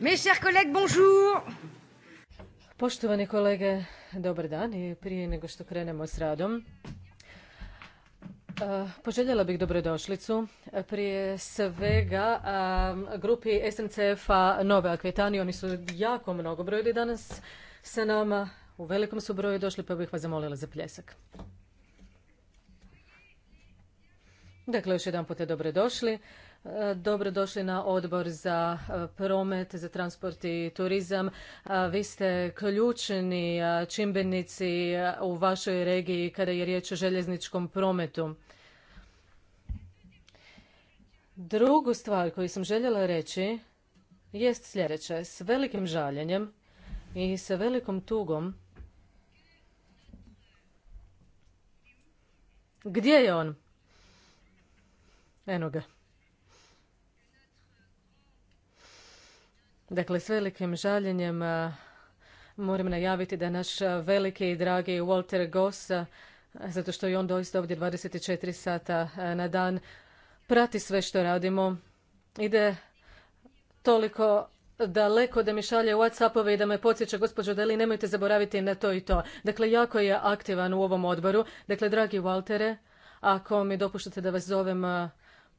Mes chers Poštovani kolege, dobar dan i prije nego što krenemo s radom. Eh, poželjela bih dobrodošlicu prije svega eh, grupi SNCF-a Nove Akvitani. Oni su jako mnogo brojili danas sa nama. U velikom su broju došli pa bih vas zamolila za pljesak. Dakle, još jedan je dobrodošli. Dobrodošli na odbor za e, promet, za transport i turizam. E, vi ste ključni e, čimbenici u vašoj regiji kada je riječ o željezničkom prometu. Drugu stvar koju sam željela reći jest sljedeće. S velikim žaljenjem i sa velikom tugom Gdje je on? Eno ga. Dakle, s velikim žaljenjem moram najaviti da naš veliki i dragi Walter Goss, zato što je on doista ovdje 24 sata na dan, prati sve što radimo, ide toliko daleko da mi šalje Whatsappove i da me podsjeća gospođo Deli, nemojte zaboraviti na to i to. Dakle, jako je aktivan u ovom odboru. Dakle, dragi Waltere, ako mi dopuštate da vas zovem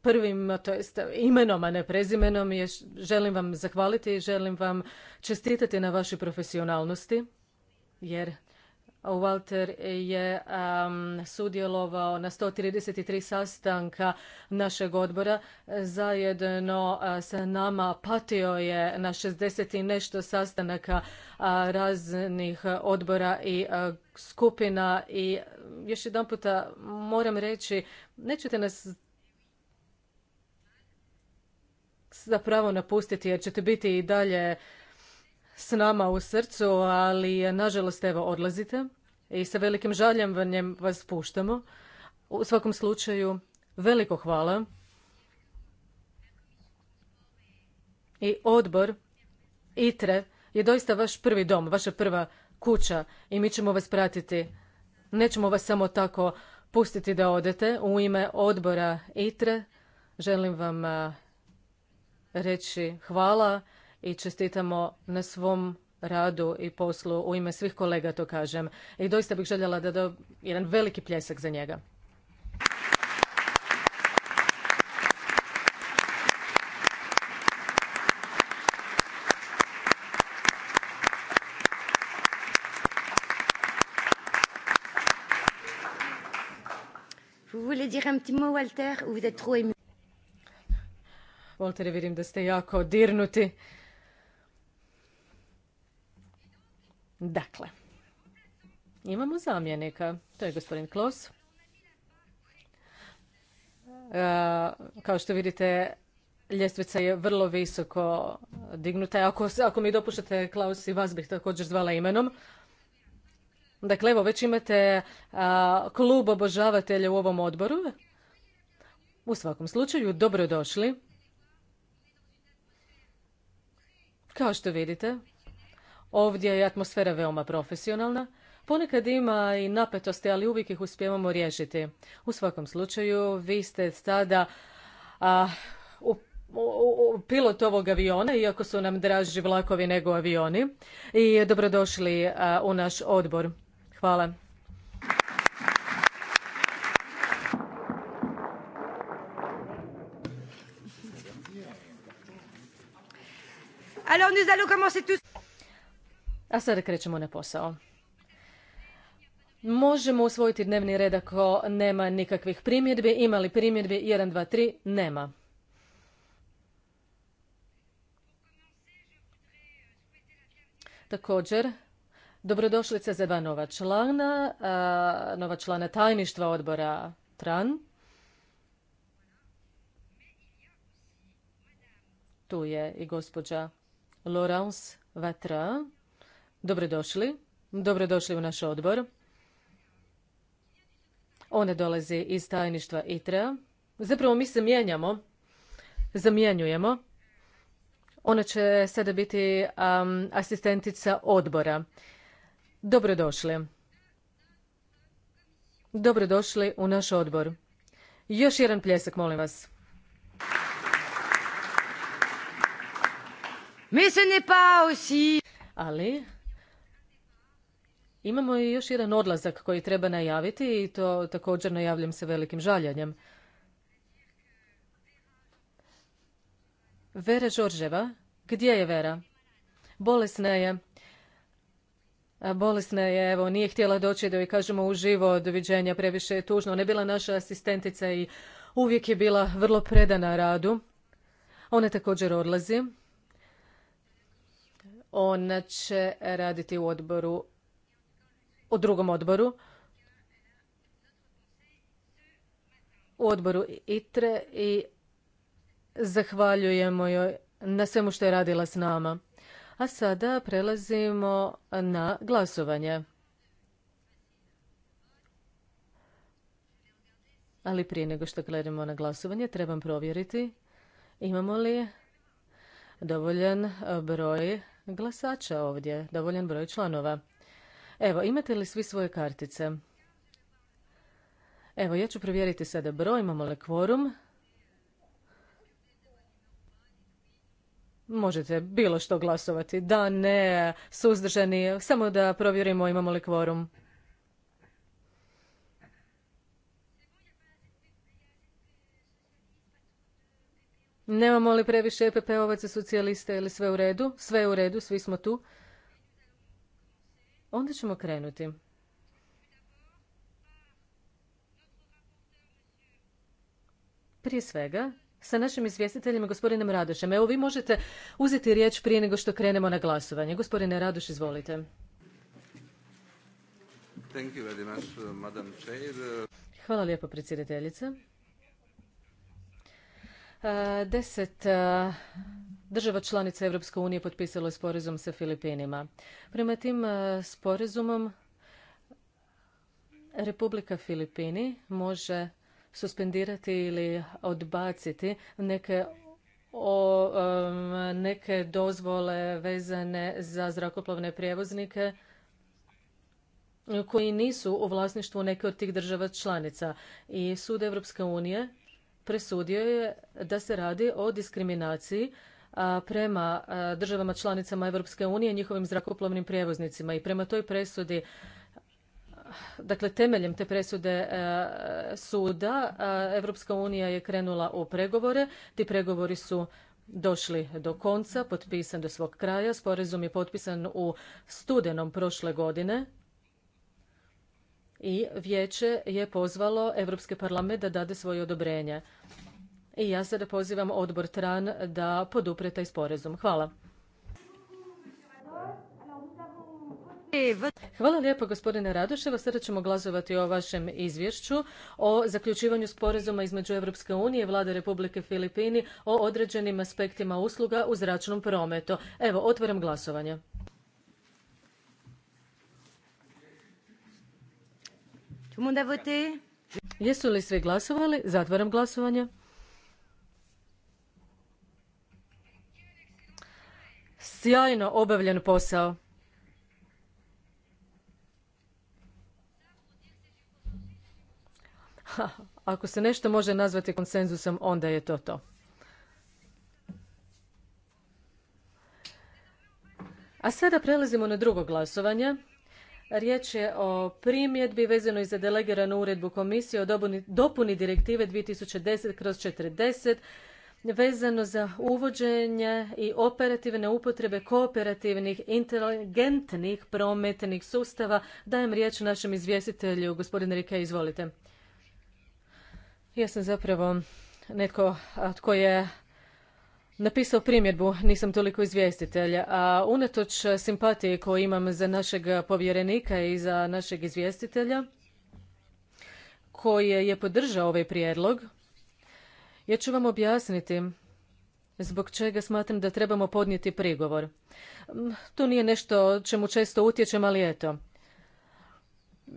prvim, to jest imenom, a ne prezimenom, je, želim vam zahvaliti i želim vam čestitati na vašoj profesionalnosti, jer Walter je um, sudjelovao na 133 sastanka našeg odbora. Zajedno uh, sa nama patio je na 60 i nešto sastanaka raznih odbora i skupina i još jedan puta moram reći, nećete nas zapravo napustiti jer ćete biti i dalje s nama u srcu, ali nažalost evo odlazite i sa velikim žaljem vas puštamo. U svakom slučaju veliko hvala i odbor ITRE je doista vaš prvi dom, vaša prva kuća i mi ćemo vas pratiti. Nećemo vas samo tako pustiti da odete. U ime odbora ITRE želim vam reći hvala i čestitamo na svom radu i poslu. U ime svih kolega to kažem. I doista bih željela da da jedan veliki pljesak za njega. Vous voulez dire un petit mot, Walter, ou vous êtes trop Voltere, vidim da ste jako dirnuti. Dakle, imamo zamjenika. To je gospodin Klaus. E, kao što vidite, ljestvica je vrlo visoko dignuta. Ako, mi dopuštate, Klaus, i vas bih također zvala imenom. Dakle, evo, već imate klub obožavatelja u ovom odboru. U svakom slučaju, dobrodošli. Kao što vidite, ovdje je atmosfera veoma profesionalna. Ponekad ima i napetosti, ali uvijek ih uspijevamo riješiti. U svakom slučaju, vi ste sada pilot ovog aviona, iako su nam draži vlakovi nego avioni. I dobrodošli u naš odbor. Hvala. A sada krećemo na posao. Možemo usvojiti dnevni red ako nema nikakvih primjedbi. Ima li primjedbi? 1, 2, 3. Nema. Također, dobrodošlice za dva nova člana, nova člana tajništva odbora TRAN. Tu je i gospođa Laurence Vatra. Dobrodošli. Dobrodošli u naš odbor. Ona dolazi iz tajništva ITRA. Zapravo mi se mijenjamo, zamjenjujemo. Ona će sada biti asistentica odbora. Dobrodošli. Dobrodošli u naš odbor. Još jedan pljesak, molim vas. Mais ce n'est pas aussi... Ali imamo i još jedan odlazak koji treba najaviti i to također najavljam se velikim žaljanjem. Vera Žorževa, gdje je Vera? Bolesna je. Bolesna je, evo, nije htjela doći da joj kažemo živo doviđenja, previše je tužno. Ona je bila naša asistentica i uvijek je bila vrlo predana radu. Ona također odlazi. Ona će raditi u odboru, u drugom odboru. U odboru ITRE i zahvaljujemo joj na svemu što je radila s nama. A sada prelazimo na glasovanje. Ali prije nego što gledamo na glasovanje, trebam provjeriti imamo li dovoljan broj glasača ovdje, dovoljan broj članova. Evo, imate li svi svoje kartice? Evo, ja ću provjeriti sada broj, imamo li kvorum. Možete bilo što glasovati, da, ne, suzdržani, samo da provjerimo imamo li kvorum. Nemamo li previše EPP-ovaca socijalista ili sve u redu? Sve je u redu, svi smo tu. Onda ćemo krenuti. Prije svega, sa našim izvjestiteljima, gospodinom Radošem. Evo, vi možete uzeti riječ prije nego što krenemo na glasovanje. Gospodine Radoš, izvolite. Hvala lijepo, predsjedateljice. Deset eh, država članica Europske unije potpisalo je sporazum sa Filipinima. Prema tim eh, sporazumom Republika Filipini može suspendirati ili odbaciti neke neke dozvole vezane za zrakoplovne prijevoznike koji nisu u vlasništvu neke od tih država članica i sud Europske unije presudio je da se radi o diskriminaciji prema državama članicama Europske unije i njihovim zrakoplovnim prijevoznicima i prema toj presudi dakle temeljem te presude e, suda Europska unija je krenula u pregovore. Ti pregovori su došli do konca, potpisan do svog kraja. Sporazum je potpisan u studenom prošle godine i vijeće je pozvalo Europski parlament da dade svoje odobrenje. I ja sada pozivam odbor TRAN da podupre taj sporazum. Hvala. Hvala lijepo gospodine Radoševa. Sada ćemo glasovati o vašem izvješću o zaključivanju sporazuma između Europske unije i Vlade Republike Filipini o određenim aspektima usluga u zračnom prometu. Evo, otvaram glasovanje. Jesu li svi glasovali? Zatvaram glasovanje. Sjajno obavljen posao. ako se nešto može nazvati konsenzusom, onda je to to. A sada prelazimo na drugo glasovanje. Riječ je o primjedbi vezanoj za delegiranu uredbu komisije o dopuni direktive 2010 kroz 40 vezano za uvođenje i operativne upotrebe kooperativnih inteligentnih prometnih sustava. Dajem riječ našem izvjestitelju, gospodine Rike, izvolite. Ja sam zapravo netko tko je napisao primjedbu, nisam toliko izvjestitelj, a unatoč simpatije koju imam za našeg povjerenika i za našeg izvjestitelja, koji je podržao ovaj prijedlog, ja ću vam objasniti zbog čega smatram da trebamo podnijeti prigovor. Mm, to nije nešto čemu često utječem, ali eto.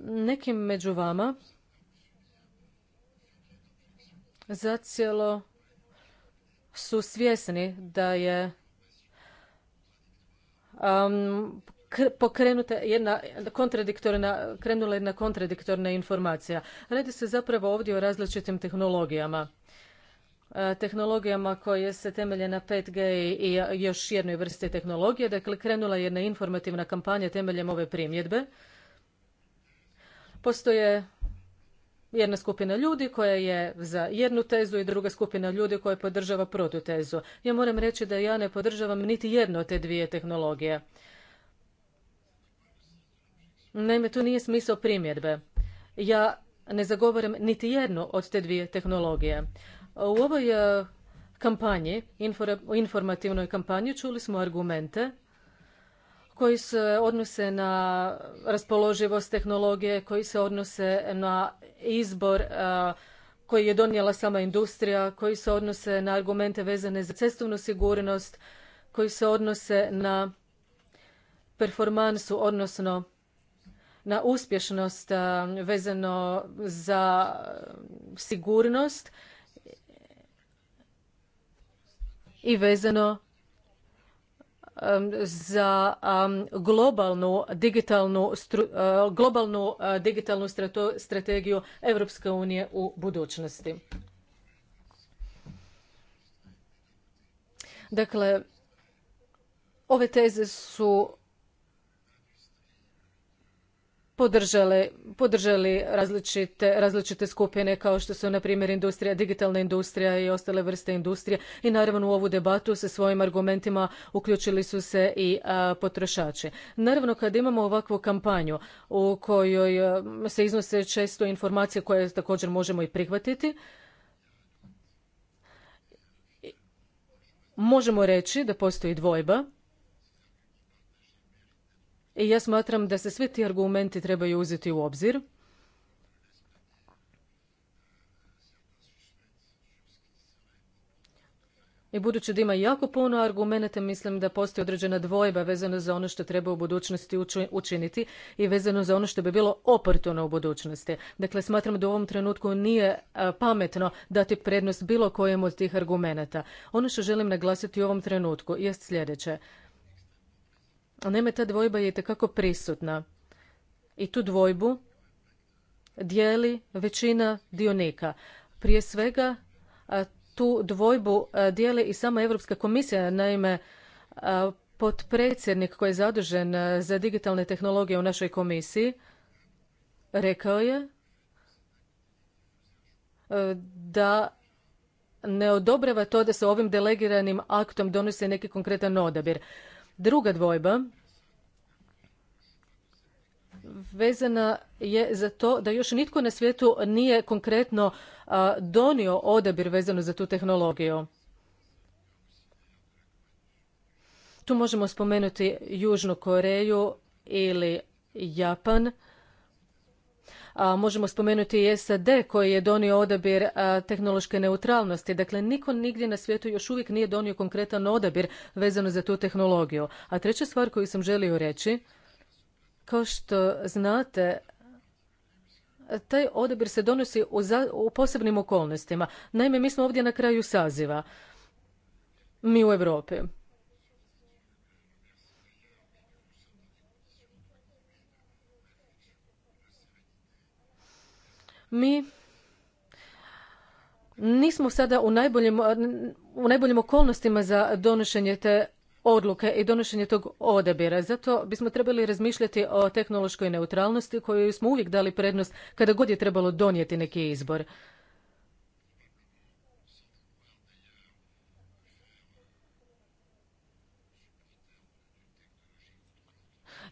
Nekim među vama zacijelo su svjesni da je um, pokrenuta jedna kontradiktorna, krenula jedna kontradiktorna informacija. Radi se zapravo ovdje o različitim tehnologijama. E, tehnologijama koje se temelje na 5G i još jednoj vrsti tehnologije. Dakle, krenula je jedna informativna kampanja temeljem ove primjedbe. Postoje jedna skupina ljudi koja je za jednu tezu i druga skupina ljudi koja podržava protutezu. Ja moram reći da ja ne podržavam niti jednu od te dvije tehnologije. Naime, tu nije smisao primjedbe. Ja ne zagovaram niti jednu od te dvije tehnologije. U ovoj eh, kampanji, informativnoj kampanji, čuli smo argumente koji se odnose na raspoloživost tehnologije, koji se odnose na izbor koji je donijela sama industrija, koji se odnose na argumente vezane za cestovnu sigurnost, koji se odnose na performansu, odnosno na uspješnost vezano za sigurnost i vezano za globalnu digitalnu, e, globalnu e, digitalnu strategiju Europske unije u budućnosti. Dakle, ove teze su podržale, podržali različite, različite skupine kao što su na primjer industrija, digitalna industrija i ostale vrste industrije i naravno u ovu debatu sa svojim argumentima uključili su se i potrošači. Naravno kad imamo ovakvu kampanju u kojoj se iznose često informacije koje također možemo i prihvatiti, možemo reći da postoji dvojba i ja smatram da se svi ti argumenti trebaju uzeti u obzir. I budući da ima jako puno argumenata, mislim da postoji određena dvojba vezano za ono što treba u budućnosti učiniti i vezano za ono što bi bilo oportuno u budućnosti. Dakle, smatram da u ovom trenutku nije e, pametno dati prednost bilo kojem od tih argumenata. Ono što želim naglasiti u ovom trenutku jest sljedeće. Naime, ta dvojba je itekako prisutna i tu dvojbu dijeli većina dionika. Prije svega, tu dvojbu dijeli i sama Europska komisija. Naime, potpredsjednik koji je zadužen za digitalne tehnologije u našoj komisiji rekao je da ne odobrava to da se ovim delegiranim aktom donosi neki konkretan odabir. Druga dvojba vezana je za to da još nitko na svijetu nije konkretno donio odabir vezano za tu tehnologiju. Tu možemo spomenuti Južnu Koreju ili Japan. A možemo spomenuti i SAD koji je donio odabir tehnološke neutralnosti. Dakle, niko nigdje na svijetu još uvijek nije donio konkretan odabir vezano za tu tehnologiju. A treća stvar koju sam želio reći, kao što znate, taj odabir se donosi u, u posebnim okolnostima. Naime, mi smo ovdje na kraju saziva. Mi u Europi. Mi nismo sada u najboljim, u najboljim okolnostima za donošenje te odluke i donošenje tog odabira. Zato bismo trebali razmišljati o tehnološkoj neutralnosti koju smo uvijek dali prednost kada god je trebalo donijeti neki izbor.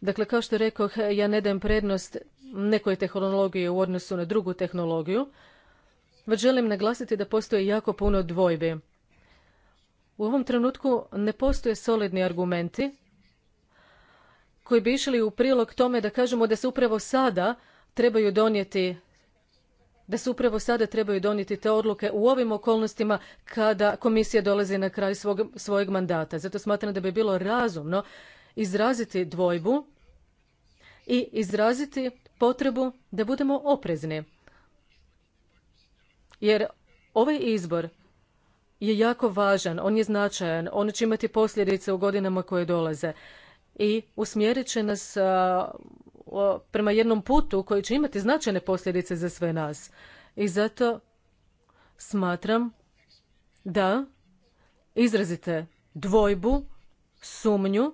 Dakle, kao što rekoh, ja ne dajem prednost nekoj tehnologiji u odnosu na drugu tehnologiju, već želim naglasiti da postoji jako puno dvojbi. U ovom trenutku ne postoje solidni argumenti koji bi išli u prilog tome da kažemo da se upravo sada trebaju donijeti da se upravo sada trebaju donijeti te odluke u ovim okolnostima kada komisija dolazi na kraj svog, svojeg mandata. Zato smatram da bi bilo razumno izraziti dvojbu i izraziti potrebu da budemo oprezni. Jer ovaj izbor je jako važan, on je značajan, on će imati posljedice u godinama koje dolaze i usmjerit će nas prema jednom putu koji će imati značajne posljedice za sve nas. I zato smatram da izrazite dvojbu, sumnju,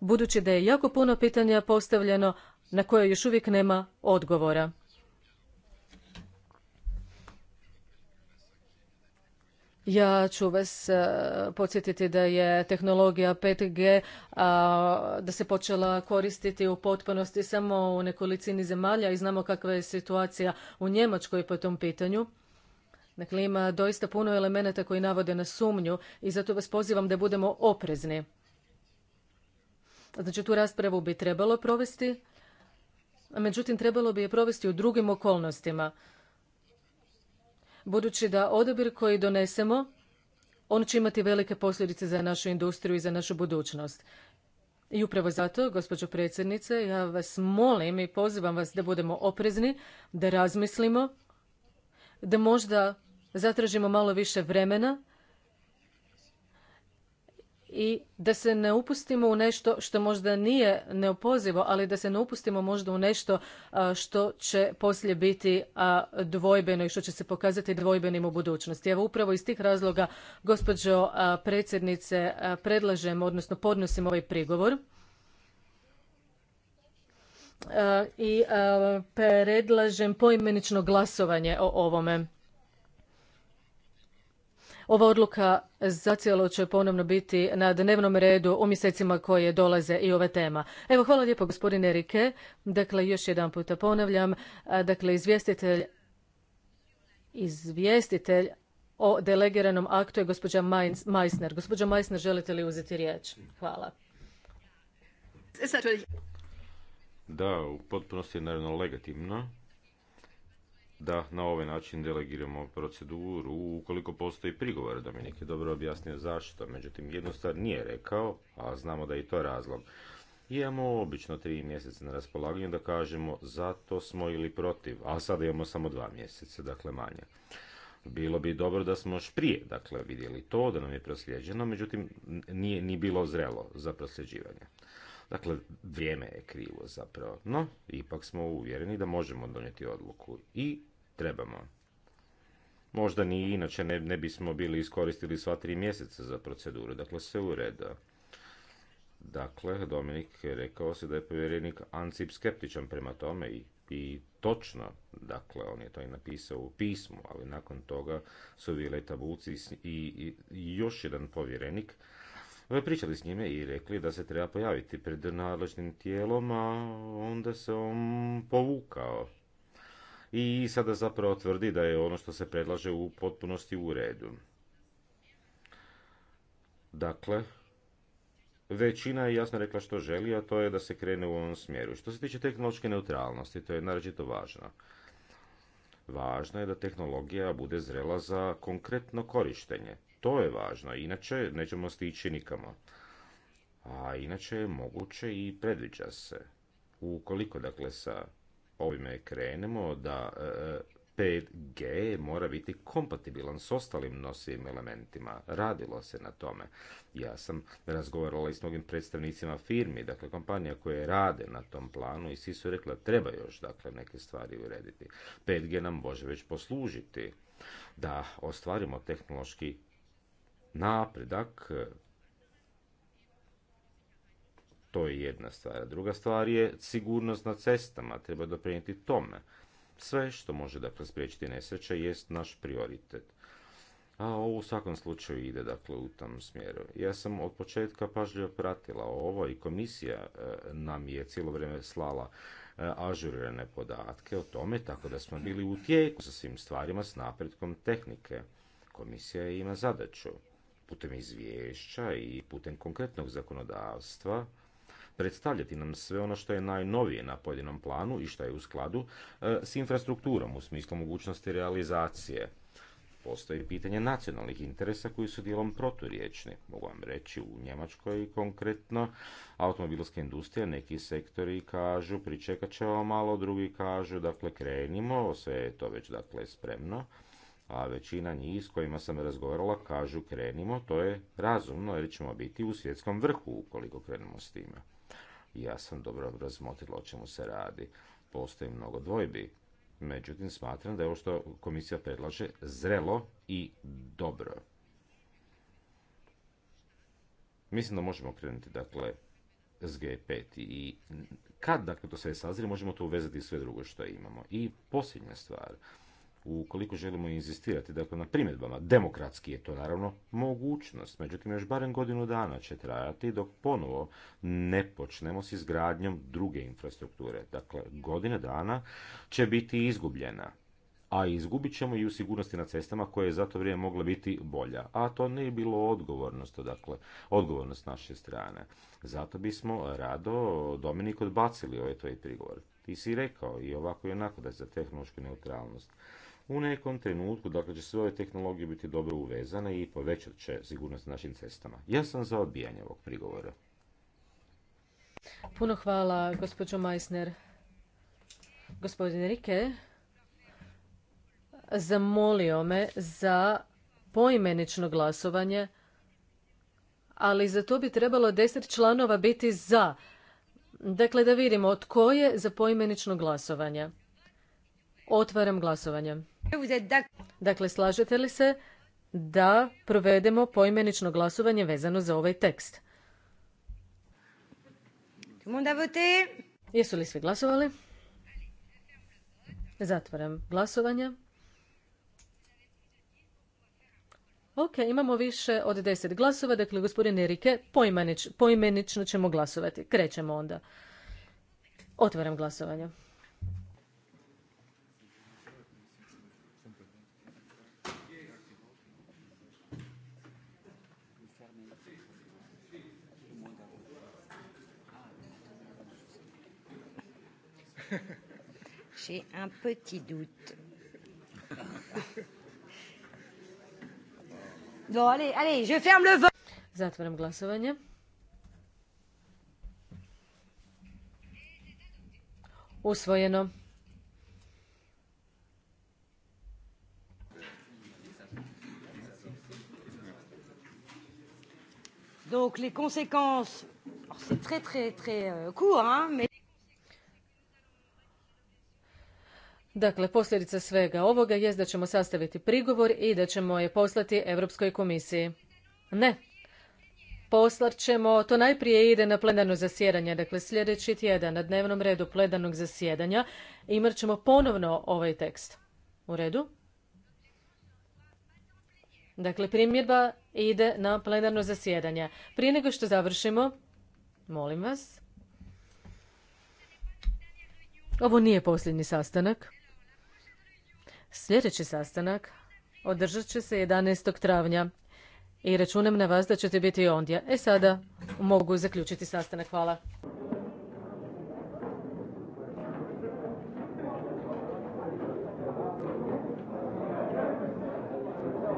budući da je jako puno pitanja postavljeno, na koje još uvijek nema odgovora. Ja ću vas e, podsjetiti da je tehnologija 5G da se počela koristiti u potpunosti samo u nekolicini zemalja i znamo kakva je situacija u Njemačkoj po tom pitanju. Dakle, ima doista puno elemenata koji navode na sumnju i zato vas pozivam da budemo oprezni. Znači, tu raspravu bi trebalo provesti međutim trebalo bi je provesti u drugim okolnostima. Budući da odabir koji donesemo, on će imati velike posljedice za našu industriju i za našu budućnost. I upravo zato, gospođo predsjednice, ja vas molim i pozivam vas da budemo oprezni, da razmislimo, da možda zatražimo malo više vremena i da se ne upustimo u nešto što možda nije neopozivo, ali da se ne upustimo možda u nešto što će poslije biti dvojbeno i što će se pokazati dvojbenim u budućnosti. Evo upravo iz tih razloga, gospođo predsjednice, predlažem, odnosno podnosim ovaj prigovor i predlažem poimenično glasovanje o ovome. Ova odluka zacijelo će ponovno biti na dnevnom redu u mjesecima koje dolaze i ova tema. Evo, hvala lijepo gospodine Rike. Dakle, još jedan puta ponavljam. Dakle, izvjestitelj izvjestitelj o delegiranom aktu je gospođa Majsner. Gospođa Majsner, želite li uzeti riječ? Hvala. Da, u potpunosti je naravno legitimno da na ovaj način delegiramo proceduru ukoliko postoji prigovor. Dominik je dobro objasnio zašto, međutim jednu stvar nije rekao, a znamo da je i to razlog. Imamo obično tri mjeseca na raspolaganju da kažemo zato smo ili protiv, a sada imamo samo dva mjeseca, dakle manje. Bilo bi dobro da smo još prije, dakle, vidjeli to, da nam je prosljeđeno, međutim, nije ni bilo zrelo za prosljeđivanje. Dakle, vrijeme je krivo zapravo, no, ipak smo uvjereni da možemo donijeti odluku i trebamo. Možda ni inače ne, ne bismo bili iskoristili sva tri mjeseca za proceduru, dakle sve u redu. Dakle, Dominik je rekao se da je povjerenik Ancip skeptičan prema tome i, i točno, dakle, on je to i napisao u pismu, ali nakon toga su bile tabuci i, i još jedan povjerenik, e, pričali s njime i rekli da se treba pojaviti pred nadležnim tijelom, a onda se on povukao i sada zapravo tvrdi da je ono što se predlaže u potpunosti u redu. Dakle, većina je jasno rekla što želi, a to je da se krene u ovom smjeru. Što se tiče tehnološke neutralnosti, to je naročito važno. Važno je da tehnologija bude zrela za konkretno korištenje. To je važno, inače nećemo stići nikamo. A inače je moguće i predviđa se. Ukoliko dakle sa ovime krenemo da 5G e, mora biti kompatibilan s ostalim nosivim elementima. Radilo se na tome. Ja sam razgovarala i s mnogim predstavnicima firmi, dakle kompanija koje rade na tom planu i svi su rekli da treba još dakle, neke stvari urediti. 5G nam može već poslužiti da ostvarimo tehnološki napredak to je jedna stvar. Druga stvar je sigurnost na cestama. Treba doprinijeti tome. Sve što može dakle spriječiti nesreće jest naš prioritet. A ovo u svakom slučaju ide dakle u tom smjeru. Ja sam od početka pažljivo pratila ovo i komisija e, nam je cijelo vrijeme slala e, ažurirane podatke o tome, tako da smo bili u tijeku sa svim stvarima s napretkom tehnike. Komisija ima zadaću putem izvješća i putem konkretnog zakonodavstva predstavljati nam sve ono što je najnovije na pojedinom planu i što je u skladu e, s infrastrukturom u smislu mogućnosti realizacije. Postoji pitanje nacionalnih interesa koji su dijelom proturječni. Mogu vam reći u Njemačkoj konkretno, automobilska industrija, neki sektori kažu pričekat ćemo malo, drugi kažu dakle krenimo, sve je to već dakle spremno a većina njih s kojima sam razgovarala kažu krenimo, to je razumno jer ćemo biti u svjetskom vrhu ukoliko krenemo s time ja sam dobro razmotrila o čemu se radi. Postoji mnogo dvojbi. Međutim, smatram da je ovo što komisija predlaže zrelo i dobro. Mislim da možemo krenuti, dakle, s G5 i kad, dakle, to sve sazri, možemo to uvezati sve drugo što imamo. I posljednja stvar, ukoliko želimo inzistirati, dakle na primjedbama, demokratski je to naravno mogućnost, međutim još barem godinu dana će trajati dok ponovo ne počnemo s izgradnjom druge infrastrukture. Dakle, godina dana će biti izgubljena, a izgubit ćemo i u sigurnosti na cestama koja je za to vrijeme mogla biti bolja. A to nije bilo odgovornost, dakle, odgovornost naše strane. Zato bismo rado Dominik odbacili ovaj tvoj prigovor. Ti si rekao i ovako i onako da je za tehnološku neutralnost. U nekom trenutku, dakle, će sve ove tehnologije biti dobro uvezane i povećat će sigurnost našim cestama. Ja sam za odbijanje ovog prigovora. Puno hvala, gospođo Majsner. Gospodin Rike zamolio me za poimenično glasovanje, ali za to bi trebalo deset članova biti za. Dakle, da vidimo tko je za poimenično glasovanje. Otvaram glasovanje. Dakle, slažete li se da provedemo poimenično glasovanje vezano za ovaj tekst? Jesu li svi glasovali? Zatvaram glasovanje. Ok, imamo više od deset glasova, dakle gospodine Erike, poimenično ćemo glasovati. Krećemo onda. Otvaram glasovanje. J'ai un petit doute. Bon, allez, allez, je ferme le vote. Zatvaram glasovanje. Usvojeno. Donc Dakle, posljedica svega ovoga je da ćemo sastaviti prigovor i da ćemo je poslati Europskoj komisiji. Ne. Poslat ćemo, to najprije ide na plenarno zasjedanje, dakle sljedeći tjedan na dnevnom redu plenarnog zasjedanja imat ćemo ponovno ovaj tekst. U redu? Dakle, primjedba ide na plenarno zasjedanje. Prije nego što završimo, molim vas. Ovo nije posljednji sastanak. Sljedeći sastanak održat će se 11. travnja i računam na vas da ćete biti ondje. E sada mogu zaključiti sastanak. Hvala.